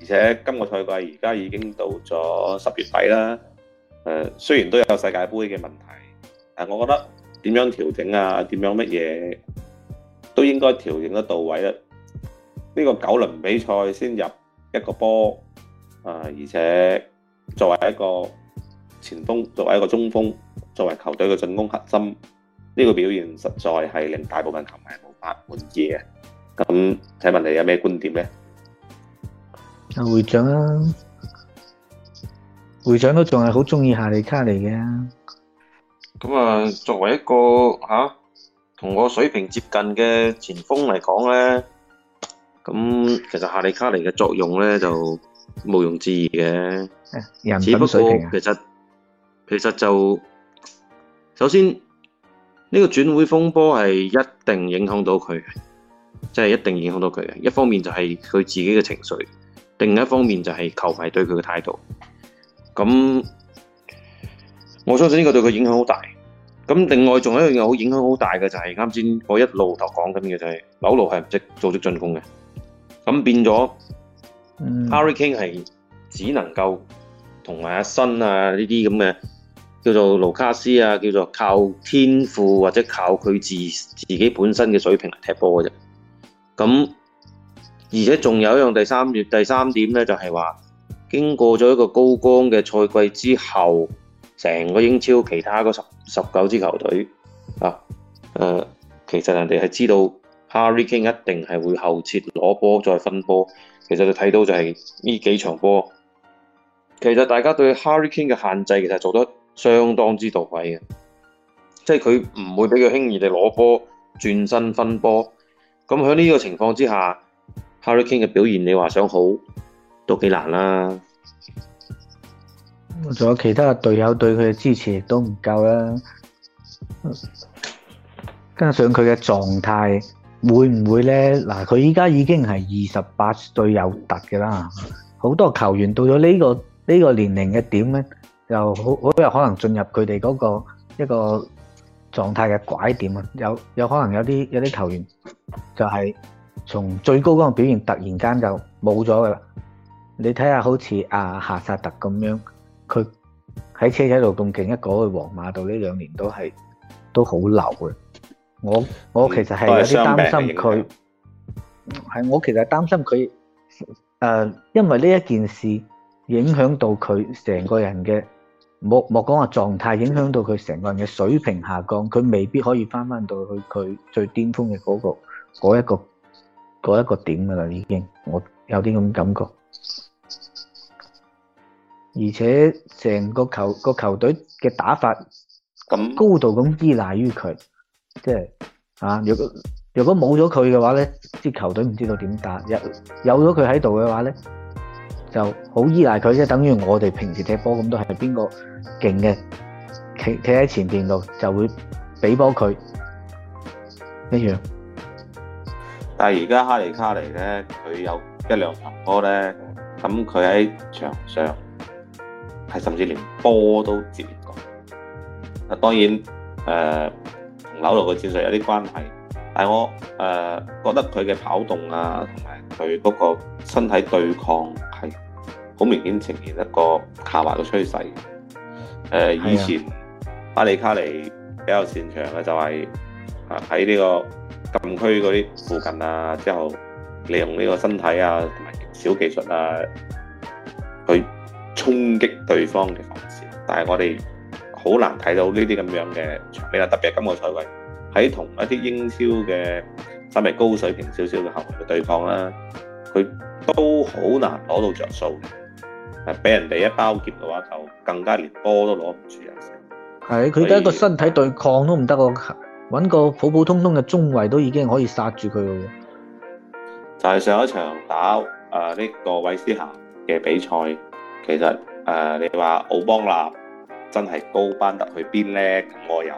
而且今個賽季而家已經到咗十月底啦。誒，雖然都有世界盃嘅問題，但我覺得點樣調整啊，點樣乜嘢都應該調整得到位啦。呢個九輪比賽先入一個波啊，而且作為一個前鋒，作為一個中鋒。作為球隊嘅進攻核心，呢個表現實在係令大部分球迷無法滿意嘅。咁請問你有咩觀點咧？阿會長啊，會長都仲係好中意夏利卡尼嘅。咁啊，作為一個吓同我水平接近嘅前鋒嚟講咧，咁其實夏利卡尼嘅作用咧就毋庸置疑嘅。誒，人品水平啊。只不過，其實其實就首先呢，這個轉會風波是一定影響到佢，即、就、係、是、一定影響到佢。一方面就是佢自己嘅情緒，另一方面就是球迷對佢嘅態度。咁我相信呢個對佢影響好大。咁另外仲有一樣嘢好影響好大嘅就係啱先我一路頭講緊嘅就係紐奴係唔識組織進攻嘅，咁變咗、嗯、Harry Kane 係只能夠同埋阿新啊呢啲咁嘅。這些這叫做盧卡斯啊，叫做靠天賦或者靠佢自自己本身嘅水平嚟踢波啫。咁而且仲有一樣第三點，第三點咧就係話經過咗一個高光嘅賽季之後，成個英超其他嗰十十九支球隊啊，誒、呃，其實人哋係知道 Harry Kane 一定係會後撤攞波再分波。其實你睇到就係呢幾場波，其實大家對 Harry Kane 嘅限制其實做得。相當之到位嘅，即係佢唔會俾佢輕易地攞波轉身分波。咁喺呢個情況之下，Harry Kane 嘅表現，你話想好都幾難啦、啊。仲有其他嘅隊友對佢嘅支持都唔夠啦。加上佢嘅狀態會唔會咧？嗱，佢依家已經係二十八歲有突嘅啦。好多球員到咗呢、呢個呢、呢個年齡嘅點咧。又好好有可能進入佢哋嗰個一個狀態嘅拐點啊。有有可能有啲有啲球員就係從最高嗰個表現突然間就冇咗噶啦。你睇下好似阿夏薩特咁樣，佢喺車仔度咁勁，一過去皇馬度呢兩年都係都好流嘅。我我其實係有啲擔心佢，係我其實擔心佢誒、呃，因為呢一件事影響到佢成個人嘅，莫莫講話狀態影響到佢成個人嘅水平下降，佢未必可以翻翻到去佢最巔峰嘅嗰個嗰一個嗰一個點噶啦，已經我有啲咁感覺。而且成個球個球隊嘅打法咁高度咁依賴於佢，即係啊，如果如果冇咗佢嘅話咧，支球隊唔知道點打；有有咗佢喺度嘅話咧，就好依賴佢，即係等於我哋平時踢波咁都係邊個勁嘅，企企喺前邊度就會俾波佢一樣。但係而家哈利卡尼咧，佢有一兩場波咧，咁佢喺場上係甚至連波都接唔到。啊，當然誒，同樓度嘅戰術有啲關係，但係我誒、呃、覺得佢嘅跑動啊，同埋佢嗰個身體對抗係。好明顯呈現一個下滑嘅趨勢。呃，以前阿里卡尼比較擅長嘅就係喺呢個禁區嗰啲附近啊，之後利用呢個身體啊同埋小技術啊去衝擊對方嘅防線。但係我哋好難睇到呢啲咁樣嘅場面啊，特別係今個賽季喺同一啲英超嘅稍微高水平少少嘅後衞嘅對抗啦，啊，佢都很難好難攞到着數。誒俾人哋一包夾嘅話，就更加連波都攞唔住啊！係，佢得一個身體對抗都唔得喎，揾個普普通通嘅中衞都已經可以殺住佢喎。就係、係、上一場打誒呢、呃呢個韋斯咸嘅比賽，其實誒、呃、你話奧邦納真係高班得去邊咧？咁我又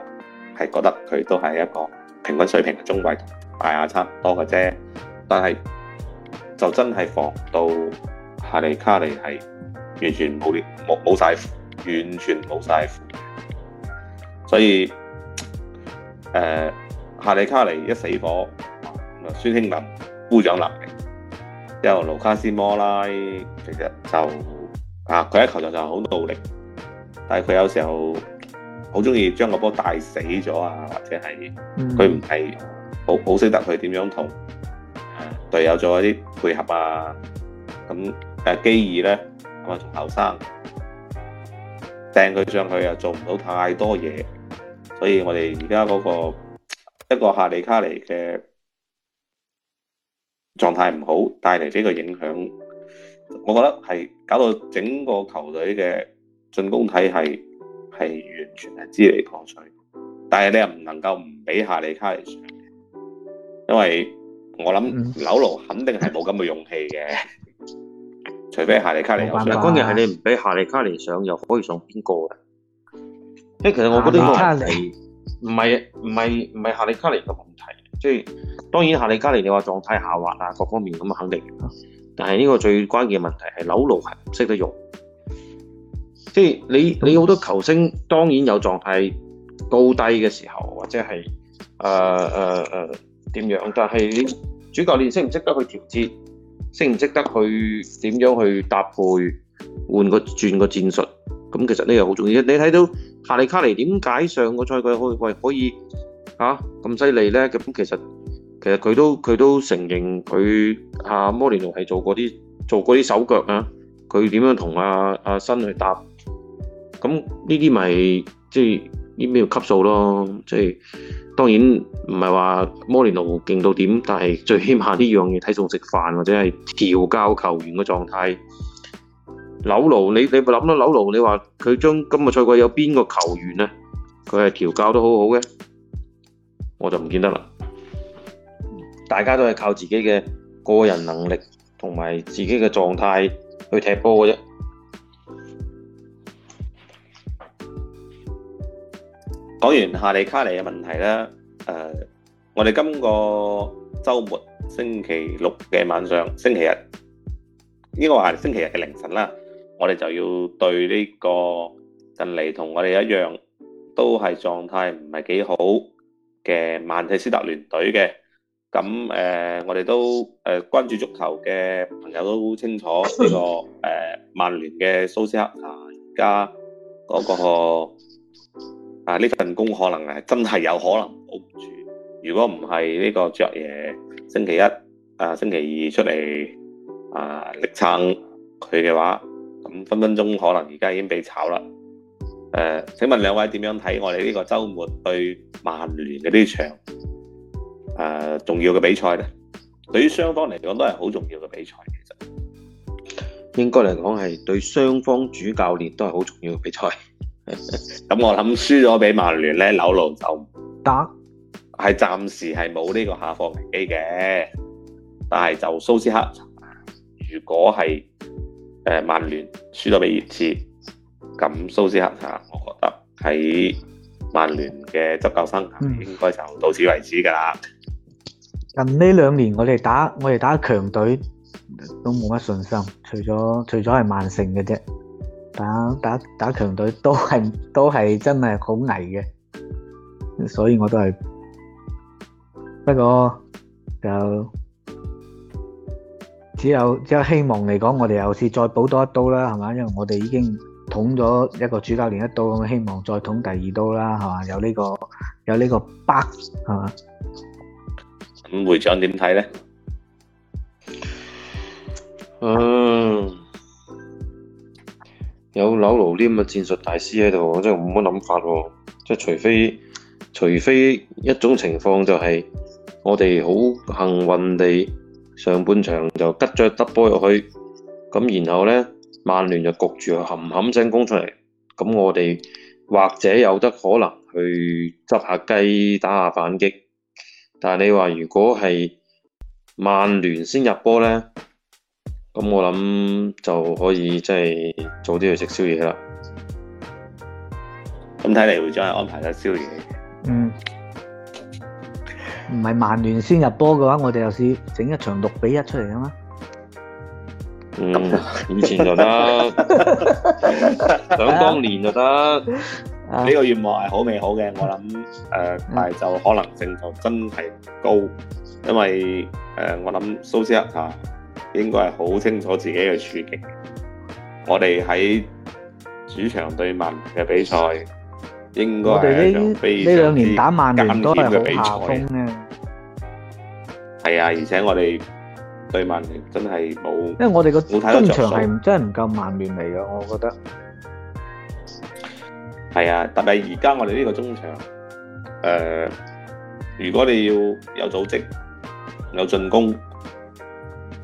係覺得佢都係一個平均水平嘅中衞，大約差唔多嘅啫。但係就真係防到哈利卡尼係。完全冇力，冇、冇曬，完全冇曬力。所以，誒、呃，夏利卡尼一死火，咁啊，孫興慜、孤掌難鳴，然後盧卡斯摩拉，其實就啊，佢喺球場上好努力，但係佢有時候好中意將個波帶死咗啊，或者係佢唔係好好識得佢點樣同隊友做一啲配合啊，咁、啊、基爾呢？個後生掟佢上，佢又做唔到太多嘢，所以我哋而家嗰個一個夏利卡尼嘅狀態唔好，帶嚟，呢個影響，我覺得係搞到整個球隊嘅進攻體系係完全係支離破碎。但係你又唔能夠唔俾夏利卡尼上，因為我諗紐奴肯定係冇咁嘅勇氣嘅。嗯 除非夏利卡尼上，關鍵係你唔俾夏利卡尼上，又可以上邊個？誒，其實我覺得唔係唔係唔係夏利卡尼嘅問題，即係當然夏利卡尼你話狀態下滑啊，各方面咁肯定。但係呢個最關鍵嘅問題係紐奴係唔識得用，即係你你好多球星當然有狀態高低嘅時候，或者係誒誒誒點樣，但係你主教練識唔識得去調節？識唔識得去點樣去搭配，換個轉個戰術咁，其實呢又好重要。你睇到哈利卡尼點解上個賽季可以可以啊咁犀利咧？咁其實其實佢都佢都承認佢阿摩連奴係做過啲做過啲手腳啊。佢點樣同阿阿新去搭？咁呢啲咪即係。呢邊要級數咯，即係當然唔係話摩連奴勁到點，但係最起碼呢樣嘢，睇餸食飯或者係調教球員嘅狀態。紐奴，你你咪諗咯，紐奴，你話佢將今個賽季有邊個球員呢？佢係調教得很好好嘅，我就唔見得喇。大家都係靠自己嘅個人能力同埋自己嘅狀態去踢波啫。講完夏利卡尼嘅問題啦，誒，我哋今個周末星期六嘅晚上，星期日，呢個係星期日嘅凌晨啦，我哋就要對呢個近嚟，同我哋一樣都係狀態唔係幾好嘅曼徹斯特聯隊嘅，咁誒，我哋都誒關注足球嘅朋友都清楚呢個誒曼聯嘅蘇斯克蘭，而家嗰個。啊！這份工可能真的有可能保唔住。如果不是這個爵爺，星期一、啊、星期二出來啊，力撐他的話，咁分分鐘可能現在已經被炒了。呃、啊、請問兩位怎樣看我哋這個周末對曼聯的呢場呃、啊、重要的比賽呢？對於雙方來講都是很重要的比賽，其實應該來講是對雙方主教練都是很重要的比賽。咁 我諗輸咗俾曼聯咧，紐奴就得，係暫時係冇呢個下課危機嘅。但係就蘇斯克，如果係誒曼聯輸咗俾熱刺，咁蘇斯克吓，我覺得喺曼聯嘅執教生涯應該就到此為止噶啦、嗯。近呢兩年我哋打我哋打強隊都冇乜信心，除咗除咗係曼城嘅啫。打打打強隊都係都係真係好危嘅，所以我都係，不過就只有只有希望嚟講，我哋又試再補多一刀啦，係嘛？因為我哋已經捅咗一個主教練一刀咁，希望再捅第二刀啦，係嘛？有呢個有呢個 back 係嘛？咁會長點睇咧？嗯。有紐奴呢咁嘅戰術大師喺度，我真係冇乜諗法喎。即、就是、除非除非一種情況就係我哋好幸運地上半場就吉着得波入去，然後呢，曼聯就焗住冚冚聲攻出嚟，我哋或者有得可能去執下雞打下反擊。但你話如果係曼聯先入波呢？咁我諗就可以即係、就是、早啲去食宵夜啦。咁睇嚟會將係安排咗宵夜。嗯，唔係曼聯先入波嘅話，我哋又試整一場六比一出嚟啊嘛。嗯，以前就得， 想當年就得。呢 個願望係好美好嘅，我諗誒、呃嗯，但係就可能性就真係高，因為誒、呃，我諗蘇斯啊。應該係好清楚自己嘅處境的。我哋喺主場對曼聯嘅比，比賽，應該係非常之艱苦嘅比賽。係啊，而且我哋對曼聯真係冇，因為我哋個中場係真係唔夠曼聯嚟嘅，我覺得。係啊，特別而家我哋呢個中場、呃，如果你要有組織、有進攻。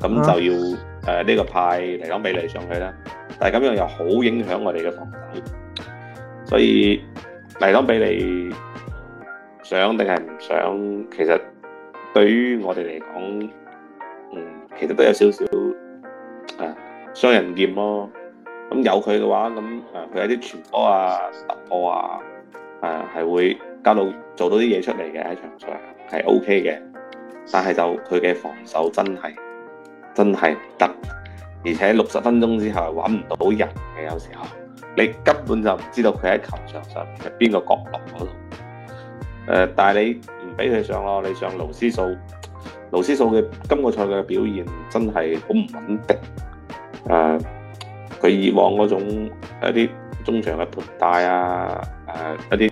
咁就要誒呢、呃這個派嚟當比利上去啦，但係咁樣又好影響我哋嘅防守，所以嚟當比利上定係唔上，其實對於我哋嚟講，嗯，其實都有少少啊雙刃劍咯。咁、嗯、有佢嘅話，咁誒佢有啲傳波啊、突破啊，誒係、啊啊、會加到做到啲嘢出嚟嘅，喺場上係 O K 嘅。但係就佢嘅防守真係～真係唔得，而且六十分鐘之後揾唔到人嘅，有時候你根本就唔知道佢喺球場上係邊個角落嗰度，呃。但係你唔俾佢上咯，你上盧斯數，盧斯數嘅今個賽嘅表現真係好唔穩定。誒、呃，佢以往嗰種一啲中場嘅盤帶啊，呃、一啲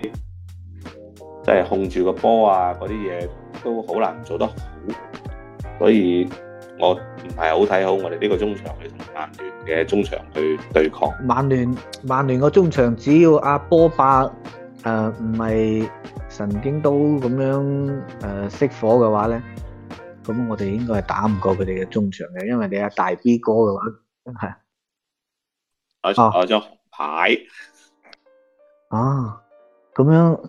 即係控住個波啊嗰啲嘢都好難做得好，所以。我唔係好睇好我哋呢個中場去同曼聯嘅中場去對抗。曼聯曼聯個中場只要阿、啊、波霸誒唔係神經刀咁樣誒熄、呃、火嘅話咧，咁我哋應該係打唔過佢哋嘅中場嘅，因為你阿大 B 哥嘅話真係，攞攞張紅牌啊，咁、啊、樣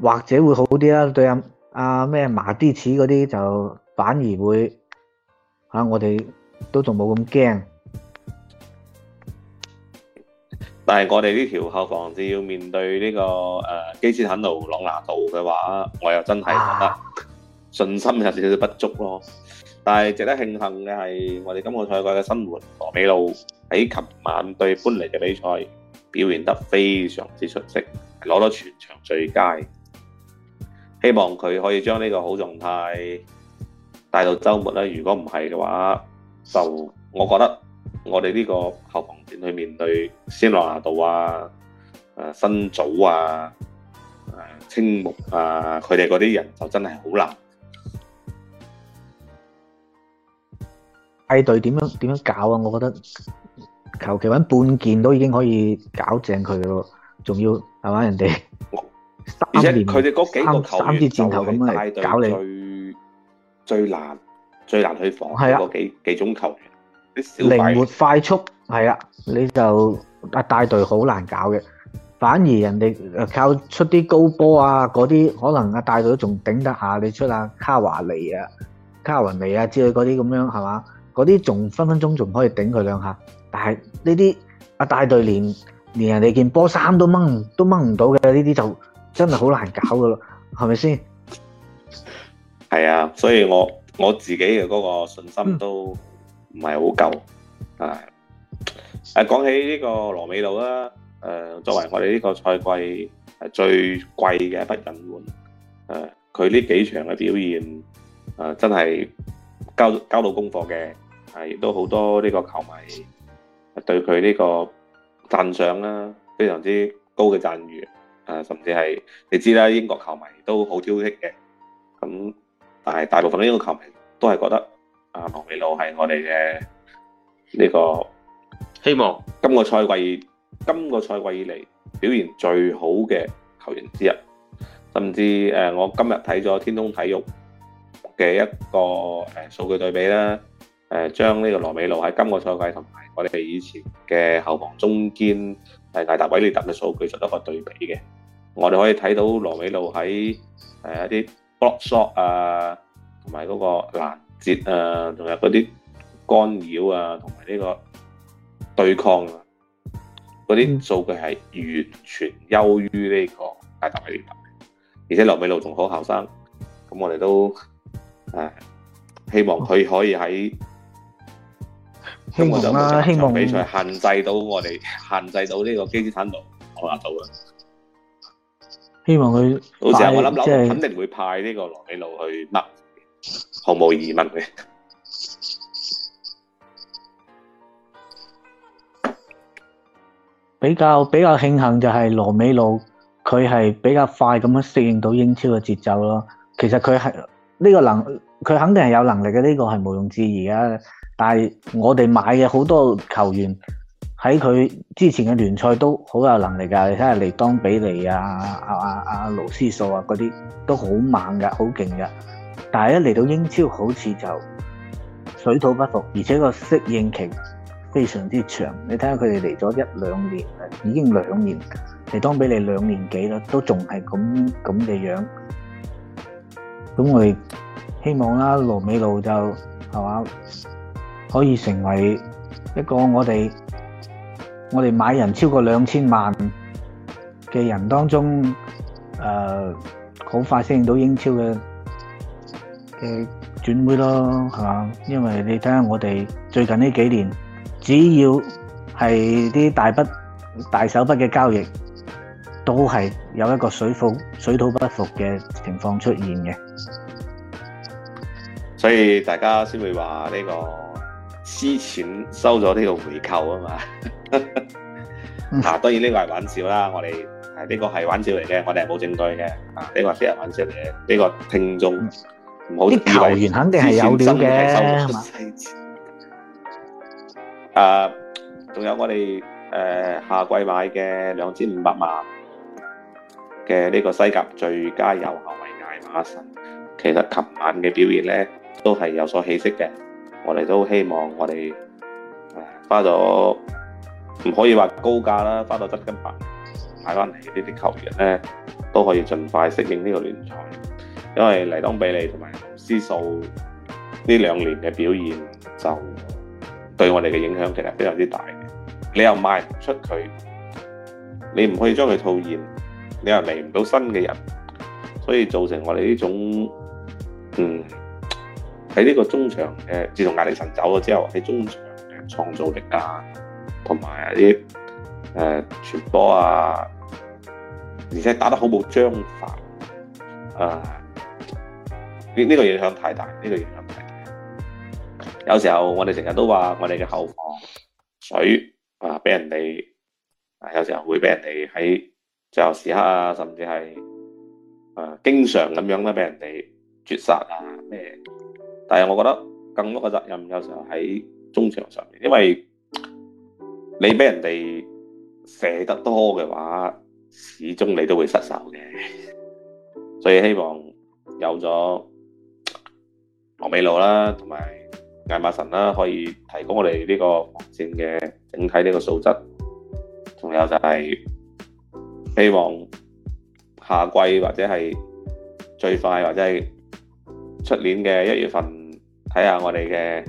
或者會好啲啦。對阿啊，咩馬蒂奇嗰啲就反而會。我哋都仲冇咁驚，但係我哋呢條後防線要面對呢、這個、呃、基斯坦奴朗拿度嘅話，我又真係覺得、啊、信心有少少不足咯。但係值得慶幸嘅係，我哋今個賽季嘅新援羅美路喺琴晚對搬嚟嘅比賽表現得非常之出色，攞到全場最佳。希望佢可以將呢個好狀態。帶到周末咧，如果唔係嘅話，就我覺得我哋呢個後防線去面對仙來亞道啊、誒新組啊、誒、啊、青、啊啊、木啊，佢哋嗰啲人就真係好難。派隊點樣點樣搞啊？我覺得求其揾半件都已經可以搞正佢咯，仲要係嘛？人哋而且佢哋嗰幾個球員就係派隊。最難最難去防係啊，幾幾種球員，靈活快速係啊，你就啊，大隊好難搞嘅。反而人哋靠出啲高波啊，嗰啲可能啊，大隊仲頂得下。你出下、啊、卡華尼啊、卡雲尼啊、瓦尼啊之類嗰啲咁樣係嘛？嗰啲仲分分鐘仲可以頂佢兩下。但係呢啲啊，大隊連連人哋件波衫都掹都掹唔到嘅，呢啲就真係好難搞噶咯，係咪先？係啊，所以我我自己嘅嗰個信心都唔係好夠，啊，講、啊、起呢個羅美路啦、啊，作為我哋呢個賽季最貴嘅一筆引援，誒、啊，佢呢幾場嘅表現，啊、真係交交到功課嘅，係亦都好多呢個球迷對佢呢個讚賞啦，非常之高嘅讚譽，甚至係你知啦，英國球迷都好挑剔嘅。但係大部分呢個球迷都係覺得，阿羅美路係我哋嘅呢個希望。今個賽季，今個賽季以嚟表現最好嘅球員之一。甚至誒，我今日睇咗天空體育嘅一個誒數據對比啦。誒，將呢個羅美路喺今個賽季同埋我哋以前嘅後防中堅誒大達偉烈特嘅數據做一個對比嘅。我哋可以睇到羅美路喺誒一啲。搏索啊，同埋嗰個攔截啊，仲有嗰啲干擾啊，同埋呢個對抗啊，嗰啲數據係完全優於呢個大頭威廉，而且劉美露仲好後生，咁我哋都誒希望佢可以喺，希望，希望，希望比賽限制到我哋，限制到呢個基斯坦奴，我話到啦。希望佢，老細，就是就是，肯定會派呢個羅美路去乜，毫無疑問嘅。比較比較慶幸就係羅美路佢係比較快咁樣適應到英超嘅節奏咯。其實佢係呢個能，佢肯定係有能力嘅，呢、這個係毋庸置疑嘅。但係我哋買嘅好多球員。喺佢之前嘅聯賽都好有能力噶，你睇下嚟當比利啊、啊啊啊勞斯素啊嗰啲都好猛噶，好勁噶。但係一嚟到英超好似就水土不服，而且個適應期非常之長。你睇下佢哋嚟咗一兩年啦，已經兩年，嚟當比利兩年幾啦，都仲係咁咁嘅樣。咁我哋希望啦、啊，羅美路就係嘛可以成為一個我哋。我哋買人超過兩千萬嘅人當中，誒、呃、好快適應到英超嘅嘅轉會咯，係嘛？因為你睇下我哋最近呢幾年，只要係啲大筆大手筆嘅交易，都係有一個水服水土不服嘅情況出現嘅，所以大家先會話呢、這個。私錢收咗呢個回扣啊嘛，嚇！當然呢個係玩笑啦，我哋係呢個係玩笑嚟嘅，我哋係冇證據嘅，啊呢個只係玩笑嚟嘅，呢個聽眾唔好啲球員肯定係有嘅，啊，仲有我哋誒夏季買嘅兩千五百萬嘅呢個西甲最佳右後衞艾馬臣，其實琴晚嘅表現咧都係有所起色嘅。我哋都希望我哋花咗唔可以話高價啦，花咗真金白銀買翻嚟呢啲球員呢都可以盡快適應呢個聯賽。因為黎當比利同埋盧斯素呢兩年嘅表現，就對我哋嘅影響其實非常之大。你又賣唔出佢，你唔可以將佢套現，你又嚟唔到新嘅人，所以造成我哋呢種嗯。喺呢個中場嘅自從艾歷臣走咗之後，喺中場嘅創造力啊，同埋啲傳波啊，而且打得好冇章法啊，呢、這、呢個影響太大，呢、這個影響太大。有時候我哋成日都話我哋嘅後防水啊，俾人哋，有時候會俾人哋喺最後時刻啊，甚至係啊，經常咁樣咧俾人哋絕殺啊，咩、呃？但係，我覺得更多嘅責任有時候喺中場上面，因為你俾人哋射得多嘅話，始終你都會失手嘅。所以希望有咗羅美露啦，同埋艾馬臣啦，可以提高我哋呢個防線嘅整體呢個素質。仲有就係希望下季或者係最快或者係出年嘅一月份。睇下我哋嘅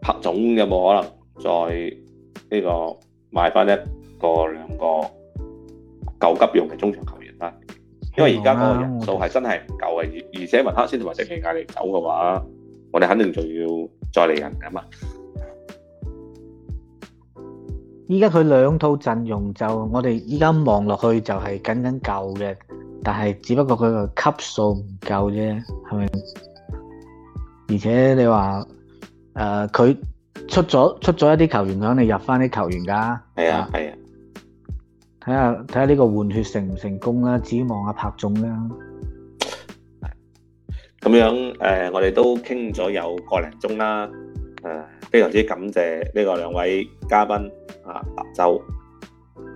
拍總有冇可能再呢個買翻一個兩個救急用嘅中場球員啦，因為而家嗰個人數係真係唔夠嘅，而且文克先同埋迪尼艾力走嘅話，我哋肯定仲要再嚟人噶嘛。依家佢兩套陣容就我哋依家望落去就係僅僅夠嘅，但係只不過佢個級數唔夠啫，係咪？而且你話誒佢出咗出咗一啲球員，佢肯定入翻啲球員噶。係啊，係啊。睇下睇下呢個換血成唔成功啦，指望阿、啊、柏總啦。咁樣誒、呃，我哋都傾咗有個零鐘啦。誒、呃，非常之感謝呢個兩位嘉賓啊，白周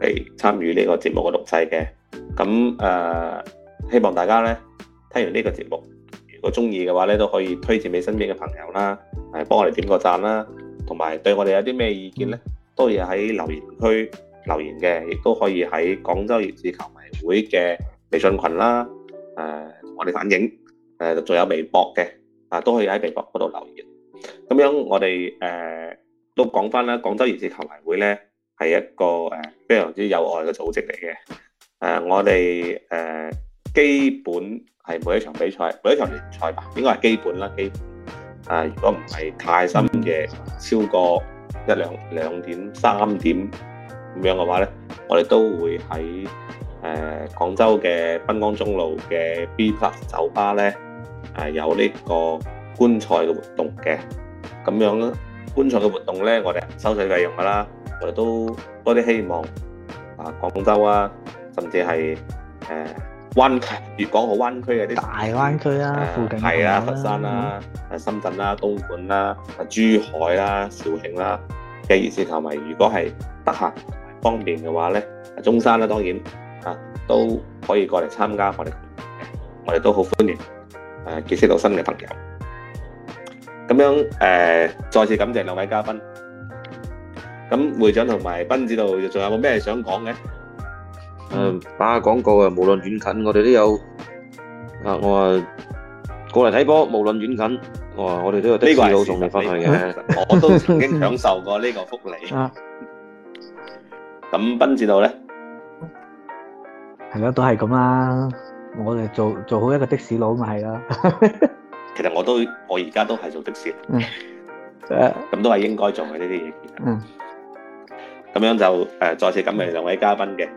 嚟參與呢個節目嘅錄製嘅。咁誒、呃，希望大家咧聽完呢個節目。如果中意嘅話咧，都可以推薦俾身邊嘅朋友啦，誒幫我哋點個讚啦，同埋對我哋有啲咩意見咧，都可以喺留言區留言嘅，亦都可以喺廣州熱刺球迷會嘅微信群啦，誒、呃、同我哋反映，誒、呃、仲有微博嘅，啊都可以喺微博嗰度留言。咁樣我哋誒、呃、都講翻啦，廣州熱刺球迷會咧係一個誒非常之有愛嘅組織嚟嘅，誒、呃、我哋誒、呃、基本。係每一場比賽，每一場聯賽吧，應該係基本啦。基本，誒，如果唔係太深夜，超過一兩兩點三點咁樣嘅話咧，我哋都會喺誒廣州嘅濱江中路嘅 Beerbox 酒吧咧，誒有呢個觀賽嘅活動嘅。咁樣觀賽嘅活動咧，我哋收取費用㗎啦。我哋都多啲希望啊，廣州啊，甚至係誒。灣區、粵港澳灣區嗰啲大灣區啦，附近嘅，佛山啦、啊深圳啦、東莞啦、啊珠海啦、肇慶啦嘅熱刺球迷，如果係得閒方便嘅話咧，中山咧當然啊都可以過嚟參加我哋，我哋都好歡迎誒結識到新嘅朋友。咁樣誒，再次感謝兩位嘉賓。咁會長同埋斌指導，仲有冇咩想講嘅？誒、嗯，打下廣告啊！無論遠近，我哋都有啊！我話過嚟睇波，無論遠近，我話我哋都有的士佬同你方向嘅。的 我都曾經享受過呢個福利。咁斌指導咧，係咯，都係咁啦。我哋做做好一個的士佬咪係咯。 其實我都我而家都係做的士。誒、嗯，咁都係應該做嘅呢啲嘢。咁、嗯、樣就誒、啊，再次感謝兩位嘉賓嘅。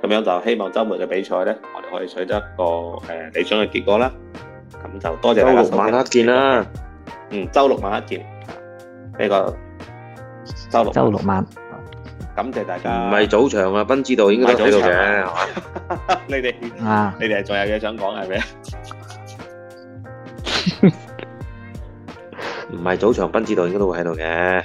咁樣就希望周末嘅比賽呢，我哋可以取得一個誒理想嘅結果啦。咁就多謝大家，周六晚一見啦。嗯，周六晚一見。呢個周六周六晚，感謝大家。唔係早場啊，斌指導應該都喺度嘅，係嘛？你哋啊，你哋係仲有嘢想講係咪？唔係早場，斌指導應該都喺度嘅。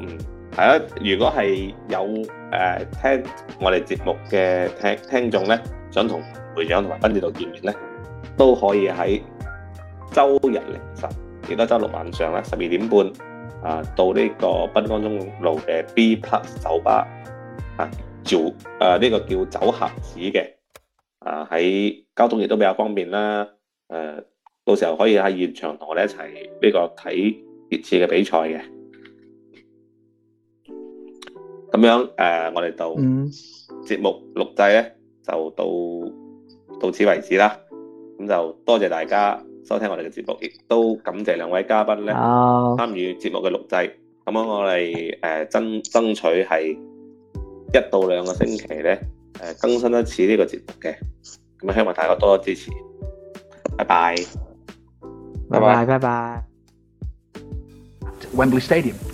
嗯。是的，如果係有誒、呃、聽我哋節目嘅聽聽眾咧，想同會長同埋斌指導見面呢，都可以喺周日凌晨亦都周六晚上咧十二點半、啊、到呢個濱江中路嘅 Beerbox 酒吧啊，做呢、啊這個叫酒盒子嘅，喺交通亦都比較方便啦。誒、啊，到時候可以喺現場同我哋一齊呢、這個睇熱刺嘅比賽嘅。咁樣，誒，我哋到節目錄製咧，就到到此為止啦。咁就多謝大家收聽我哋嘅節目，亦都感謝兩位嘉賓咧參與節目嘅錄製。咁樣我哋誒爭爭取係一到兩個星期咧，誒更新一次呢個節目嘅。咁希望大家多多支持。拜拜，拜拜，拜拜。Wembley Stadium。